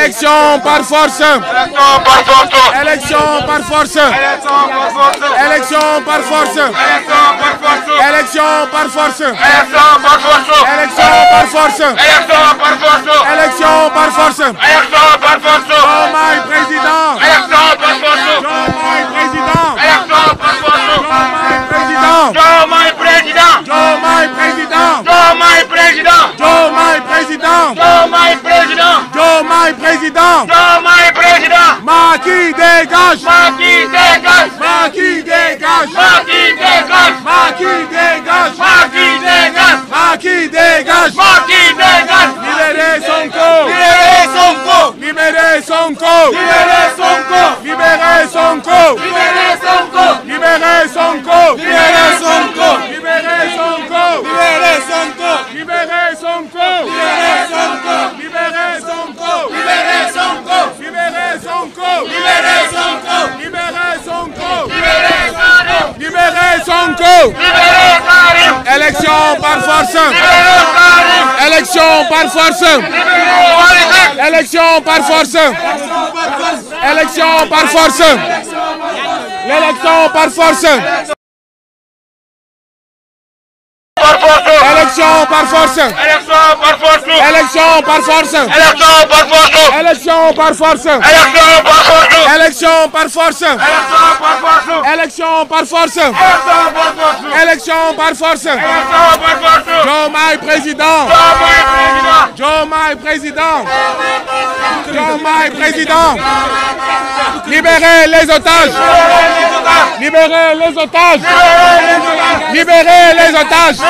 élection par force. élection par force. élection par force. élection par force. élection par force. élection par force. Diomaye président. Diomaye président. Diomaye président. Diomaye président. Diomaye président. Diomaye président. Diomaye président. Diomaye président. Macky dégage. dégage. Sonko libérez Sonko libérez Sonko libérez Karim libérez Sonko libérez Karim élection par force élection par force élection par force élection par force par force. élection par force. élection par force. élection par force. élection par force. élection par force. élection par force. élection par force. élection par force. Diomaye président. Diomaye président. Diomaye président. Libérez les otages. Libérez les otages. Libérez les otages.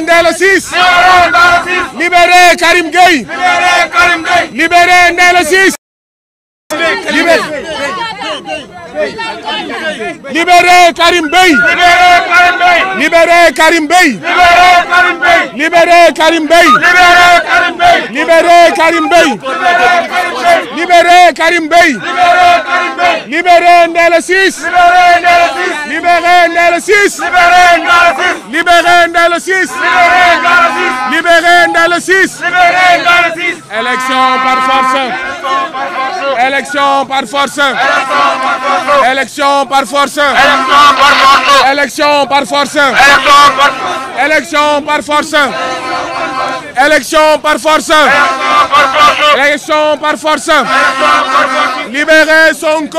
Ndella Ciss. libérez Ndella Ciss. libérez Karim Gueye. libérez Karim Gueye. libérez le 6 libéré dans le 6 élection par force élection par force élection par force élection par force élection par force élection par force élection par force libéré Sonko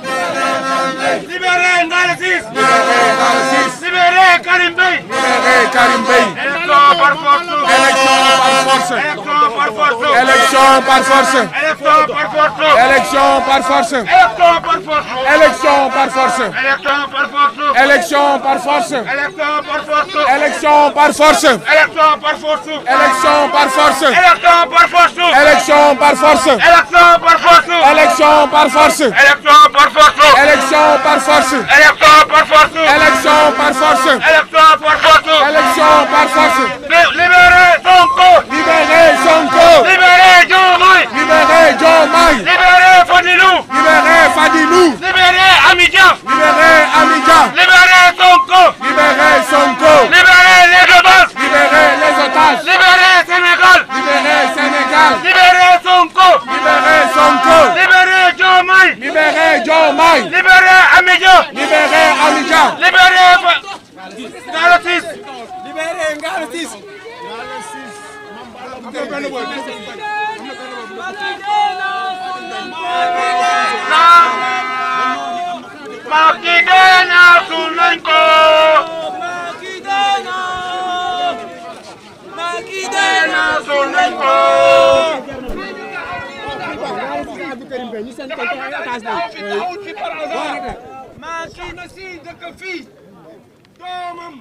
libérez Ndalla Cissé. libérez Ndalla Cissé. libérez Karim Bey. libérez Karim Bey. élection par force. élection par force. élection par force. élection par force. élection par force. élection par force. élection par force. élection par force. élection par force. élection par force. élection par force. élection par force. élection par force. élection par force. élection par force. élection par force. élection par force. élection par force. élection par force. élection par force. élection par force. libérez Sonko. libérez Sonko. libérez Diomaye. libérez Diomaye. libérez Fadilou. libérez Fadilou. libérez Amidia. libérez Amidia. libérez Sonko. libérez Sonko. maa kii na si dëkk fii doomam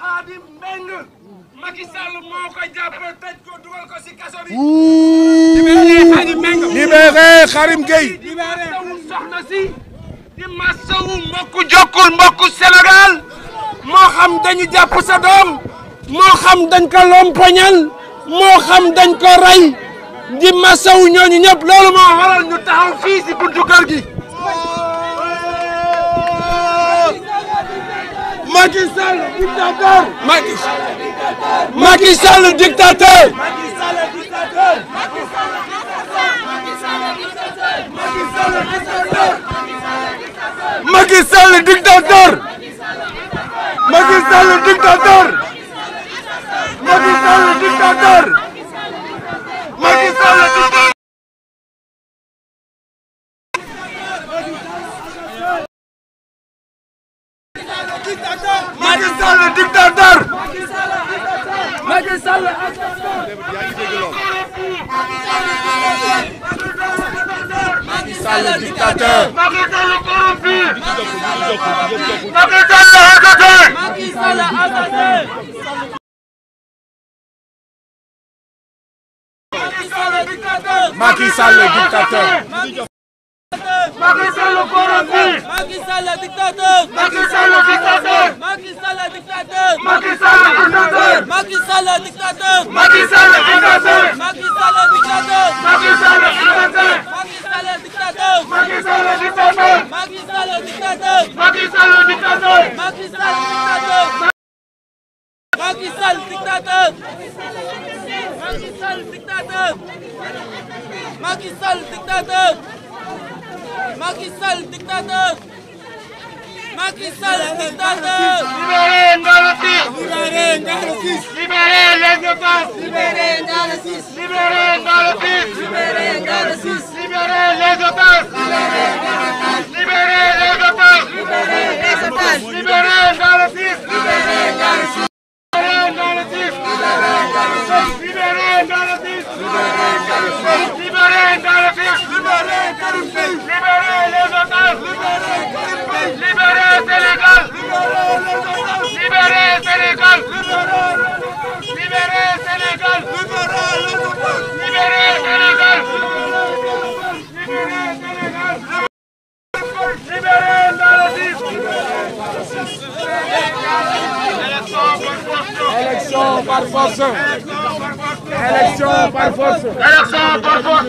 Xaadim Mbeng Macky Sall moo ko jàpp tëj ko dugal ko si kaso bi. libéré Xaadim Mbeng libéré Xaadim Gueye soxna si. masawu mbokku jokkul mbokku Sénégal moo xam dañu jàpp sa doom moo xam dañ ko lompoñal moo xam dañ ko rey di masawu ñooñu ñëpp loolu moo waral ñu taxaw fii si buntu kër gi Macky Sall dictateur Macky Sall dictateur Macky Sall dictateur Macky Sall Macky Sall assassé Macky Sall dictateur Macky Sall dictateur Macky Sall dictateur Macky Sall dictateur dictateur Macky Macky Sall dictateur. Libérez Ngalo Ciss. Libérez Ngalo Ciss. Libérez les otages. Libérez Ngalo Ciss. Libérez Ngalo Ciss. Libérez Ngalo Ciss. Libérez les otages. Libérez les otages. Libérez les otages. Libérez Ngalo Ciss. Libérez Ngalo Ciss. Libérez Ngalo Ciss. Libérez Ngalo Ciss. Libérez Ngalo Ciss. Libérez Karim Fay Libérez Karim Fay Libérez les otages Libérez Karim Fay Libérez Sénégal Libérez les otages Libérez Sénégal Libérez Sénégal Libérez les otages Libérez Sénégal Libérez Sénégal Libérez Dalasi Élection par force Élection par force Élection par force. Élection par force.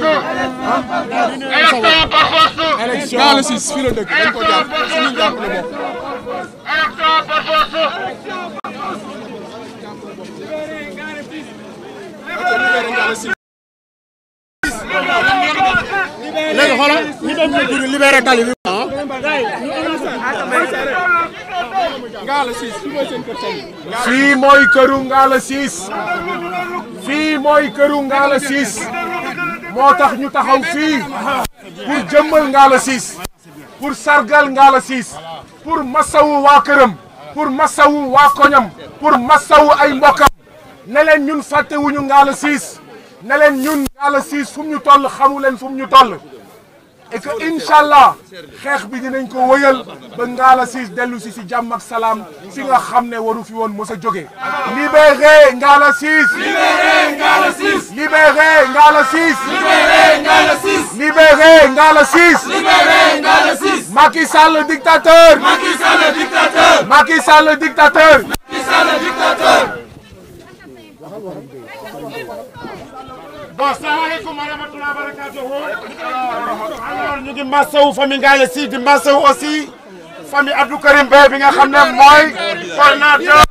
Élection par force. Élection par force. Élection par force. Élection par force. Élection par force. léegi xoolal ñu doon ah. mooy këru Ngalla Ciss. mooy këru Ngalla Ciss. moo tax ñu taxaw fii pour jëmmal Ngalla Ciss. pour sargal Ngalla Ciss. pour waa këram. pour masawu waa koñam. pour masawu ay mbokkam. ne leen ñun fàttewuñu Ngalla Ciss. na leen ñun Yalla Ciss fu ñu toll xamu leen fu ñu toll et que incha allah xeex bi dinañ ko wëyal ba Ngalla Ciss dellu si si jàmm ak salaam si nga xam ne waru fi woon mos a jógee. libéré Ngalla Ciss. libéré Ngalla Ciss. libéré Sall le dictateur. Sall le dictateur. bon salaamaaleykum wa rahmatulah wa barakatuhu alors ñu ngi masawu famille Ngaye si di masawu aussi famille Abdou Karim Bey bi nga xam ne mooy coordinateur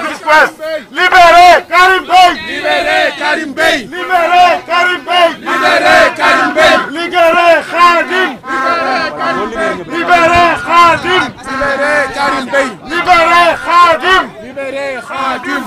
Rufisque euh, Ouest libéré Karim Bey libéré Karim Bey libéré Karim Bey libéré Karim Bey libéré Khadim libéré Khadim libéré Karim Bey libéré Khadim libéré Khadim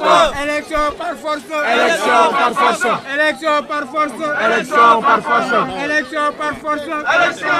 par force. Élection par force. Élection par force. Élection par force. Élection